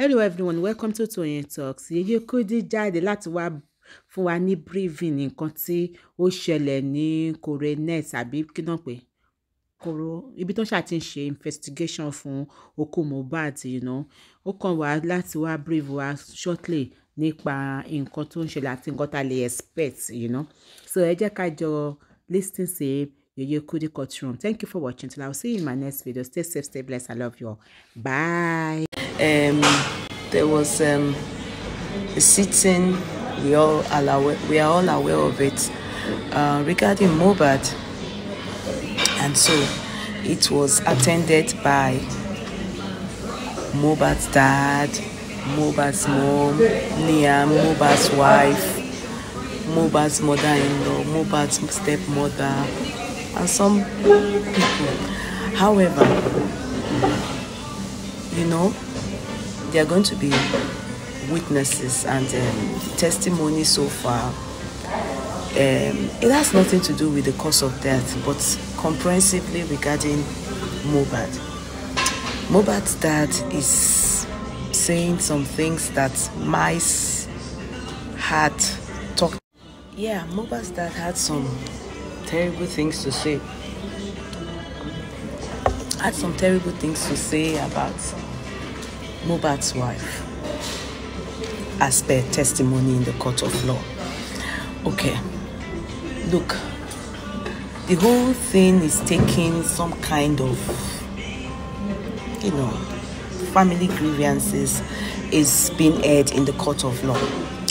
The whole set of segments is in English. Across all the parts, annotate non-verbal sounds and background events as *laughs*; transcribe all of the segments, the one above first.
hello everyone welcome to Toyeen Talks Yeye Kudi jáde láti wá fún wa ní briefing nǹkan tí ó ṣẹlẹ̀ ní coronet àbí kí náà pé koro ibi tó ṣáà ti ń ṣe investigation fún òkú Mohbad you know ó kàn wá láti wá brief wa shortly nípa nǹkan tó ń ṣẹlẹ̀ àti nǹkan tá a lè expect you know so ẹ jẹ́ ká jọ listen sí Yeye Kudi courtroom thank you for watching till i will see you in my next video stay safe stay blessed i love you all bye. um, there was um, a sitting. We all are aware, we are all aware of it uh, regarding Mobad, and so it was attended by Mobad's dad, Mobad's mom, Nia, Mobad's wife, Mobad's mother-in-law, Mobad's stepmother, and some people. However, you know, they are going to be witnesses and um, the testimony so far. Um, it has nothing to do with the cause of death, but comprehensively regarding Mobad. Mobat's dad is saying some things that mice had talked. Yeah, Mobat's dad had some terrible things to say. Had some terrible things to say about Mobat's wife, as per testimony in the court of law. Okay, look, the whole thing is taking some kind of, you know, family grievances is being aired in the court of law.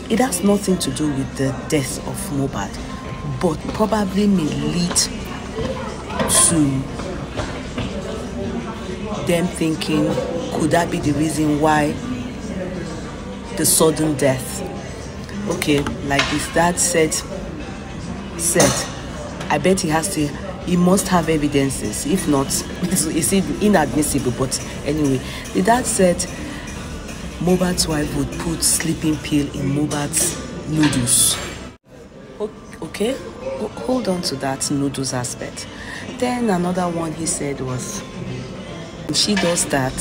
It has nothing to do with the death of Mobat, but probably may lead to them thinking could that be the reason why the sudden death? Okay, like this, that said, said, I bet he has to, he must have evidences. If not, it's, *laughs* it's inadmissible. But anyway, the dad said Mobat's wife would put sleeping pill in Mobat's noodles. Okay, hold on to that noodles aspect. Then another one he said was, she does that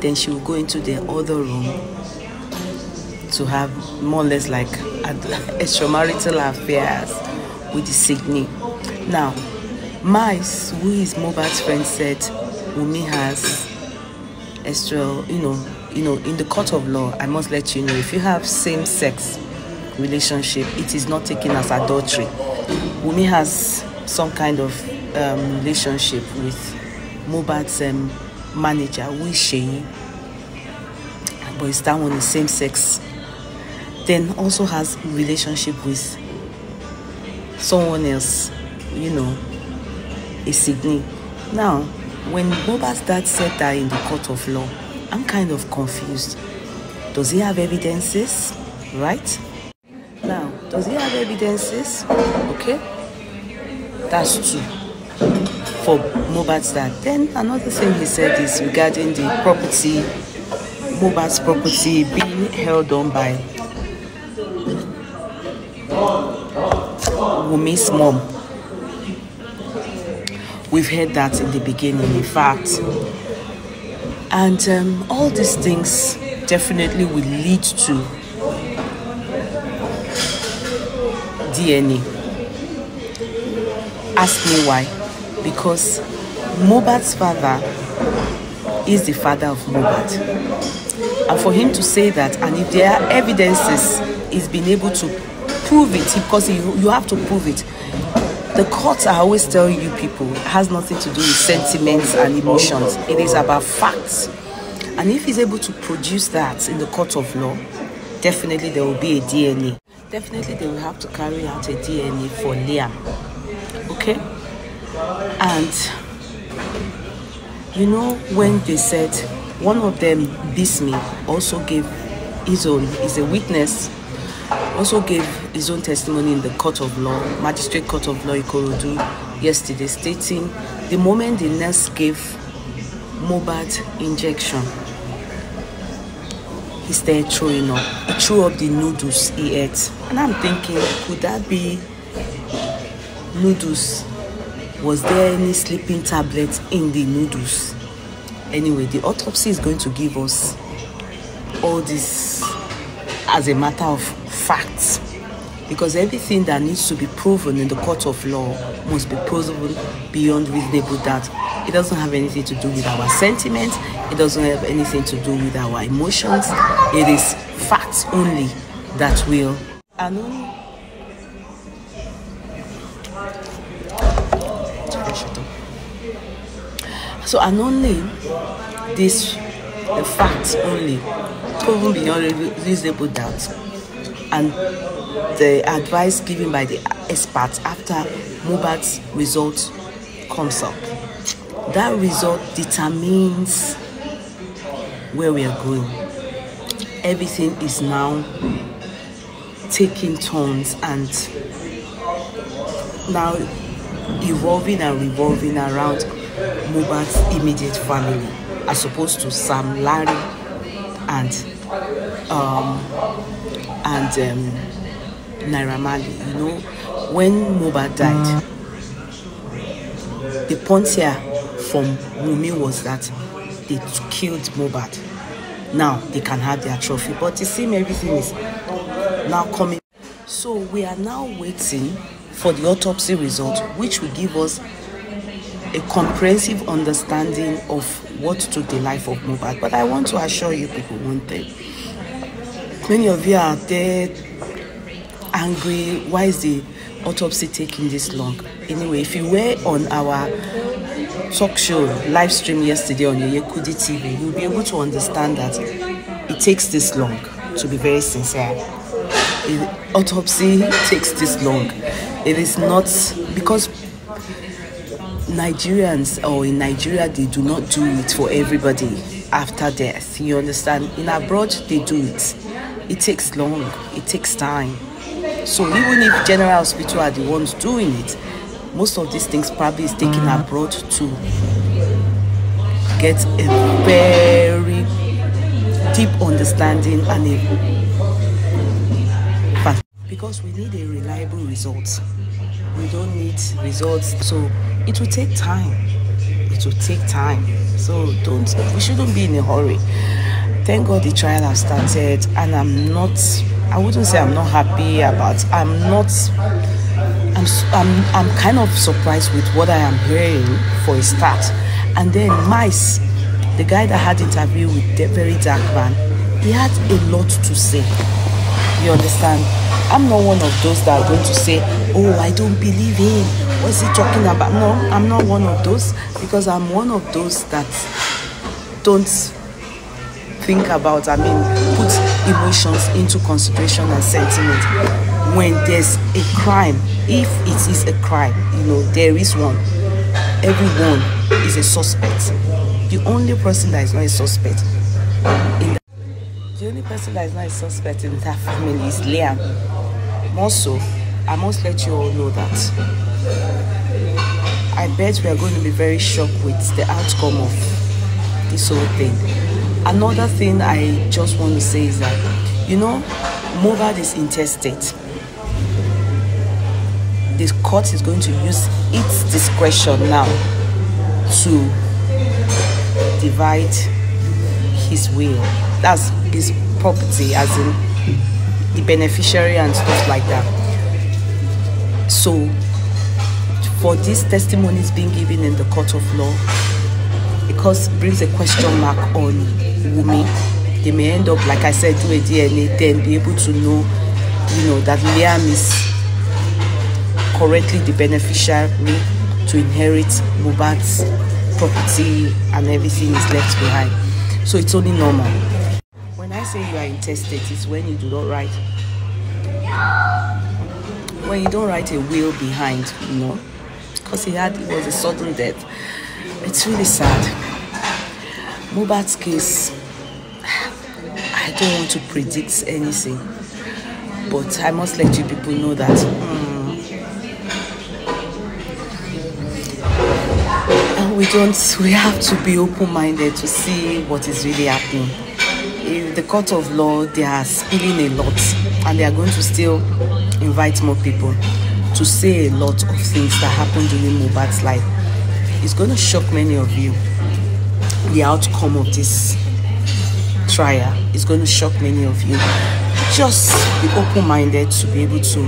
then she will go into the other room to have more or less like *laughs* extramarital affairs with the Sydney. Now, Mice, who is Mobat's friend, said Wumi has extra, you know, you know, in the court of law, I must let you know if you have same-sex relationship, it is not taken as adultery. Wumi has some kind of um, relationship with Mobat's um, manager we Sheyi, but it's that one the same sex. Then also has relationship with someone else, you know, a Sydney. Now, when Boba's dad said that in the court of law, I'm kind of confused. Does he have evidences? Right? Now, does he have evidences? Okay. That's true for Mobat's dad. Then another thing he said is regarding the property, Mobat's property being held on by Wumi's mom. We've heard that in the beginning, in fact. And um, all these things definitely will lead to DNA. Ask me why because Mobat's father is the father of Mobat. And for him to say that, and if there are evidences, he's been able to prove it because you, you have to prove it. The courts, are always telling you people, has nothing to do with sentiments and emotions. It is about facts. And if he's able to produce that in the court of law, definitely there will be a DNA. Definitely they will have to carry out a DNA for Liam and you know, when they said one of them, this me, also gave his own, is a witness, also gave his own testimony in the court of law, magistrate court of law Ikorodu, yesterday, stating the moment the nurse gave Mobad injection, he started throwing up. He threw up the noodles he ate. And I'm thinking, could that be noodles was there any sleeping tablet in the noodles anyway the autopsy is going to give us all this as a matter of fact because everything that needs to be proven in the court of law must be possible beyond reasonable doubt it doesn't have anything to do with our sentiments it doesn't have anything to do with our emotions it is facts only that will So, and only this the fact only, proven beyond reasonable doubt, and the advice given by the experts after Mubat's result comes up. That result determines where we are going. Everything is now taking turns and now evolving and revolving around Mohbad's immediate family as opposed to Sam Larry and um, and um, Naira You know, when Mohbad died, the point here from Wumi was that they killed Mohbad. Now they can have their trophy, but it seems everything is now coming. So we are now waiting for the autopsy result, which will give us a comprehensive understanding of what took the life of Mubad. But I want to assure you people one thing. Many of you are there angry. Why is the autopsy taking this long? Anyway, if you were on our talk show live stream yesterday on Yekudi TV, you'll be able to understand that it takes this long, to be very sincere. autopsy takes this long. It is not because Nigerians or in Nigeria, they do not do it for everybody after death. You understand? In abroad, they do it. It takes long, it takes time. So even if General Hospital are the ones doing it, most of these things probably is taken mm. abroad to get a very deep understanding and a because we need a reliable result. We don't need results. So it will take time. It will take time. So don't, we shouldn't be in a hurry. Thank God the trial has started and I'm not, I wouldn't say I'm not happy about, I'm not, I'm, I'm, I'm kind of surprised with what I am hearing for a start. And then Mice, the guy that had interview with the very dark man, he had a lot to say. You understand? I'm not one of those that are going to say, oh, I don't believe him. What's he talking about? No, I'm not one of those because I'm one of those that don't think about, I mean, put emotions into consideration and sentiment. When there's a crime, if it is a crime, you know, there is one. Everyone is a suspect. The only person that is not a suspect in the, the only person that is not a suspect in that family is Liam. More so, I must let you all know that. I bet we are going to be very shocked with the outcome of this whole thing. Another thing I just want to say is that, you know, Mohbad is intestate. The court is going to use its discretion now to divide his will. That's his property, as in the beneficiary and stuff like that. So, for these testimonies being given in the court of law, because brings a question mark on Wumi. They may end up, like I said, do a DNA, then be able to know, you know, that Liam is correctly the beneficiary to inherit Mubat's property and everything is left behind. So it's only normal. When I say you are intestate, it's when you do not write. when you don't write a will behind, you know, because he had it was a sudden death. It's really sad. Mubat's case, I don't want to predict anything, but I must let you people know that. Mm, we don't. We have to be open-minded to see what is really happening. In the court of law, they are spilling a lot, and they are going to still invite more people to say a lot of things that happened during Mobat's life. It's going to shock many of you. The outcome of this trial is going to shock many of you. Just be open-minded to be able to,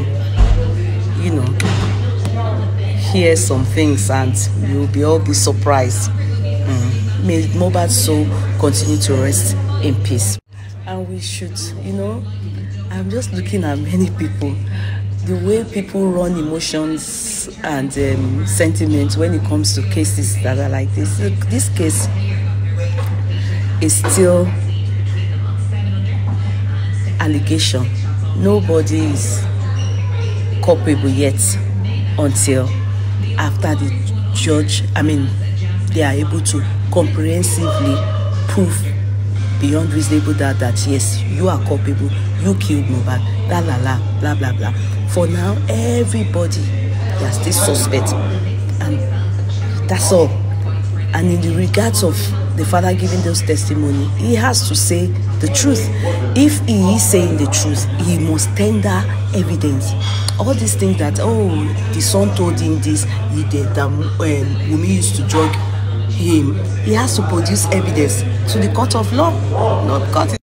you know, hear some things and you'll be all be surprised. Mm. May Mobat's so continue to rest in peace and we shoot, you know. I'm just looking at many people, the way people run emotions and um, sentiments when it comes to cases that are like this. Look, this case is still allegation. Nobody is culpable yet until after the judge, I mean, they are able to comprehensively prove beyond reasonable doubt that yes, you are culpable, you killed Mohbad, blah blah blah blah blah blah. For now, everybody has this suspect, and that's all. And in the regards of the father giving those testimony, he has to say the truth. If he is saying the truth, he must tender evidence. All these things that oh, the son told him this, he did that um, Wumi used to drug him. He has to produce evidence to the court of law, not court.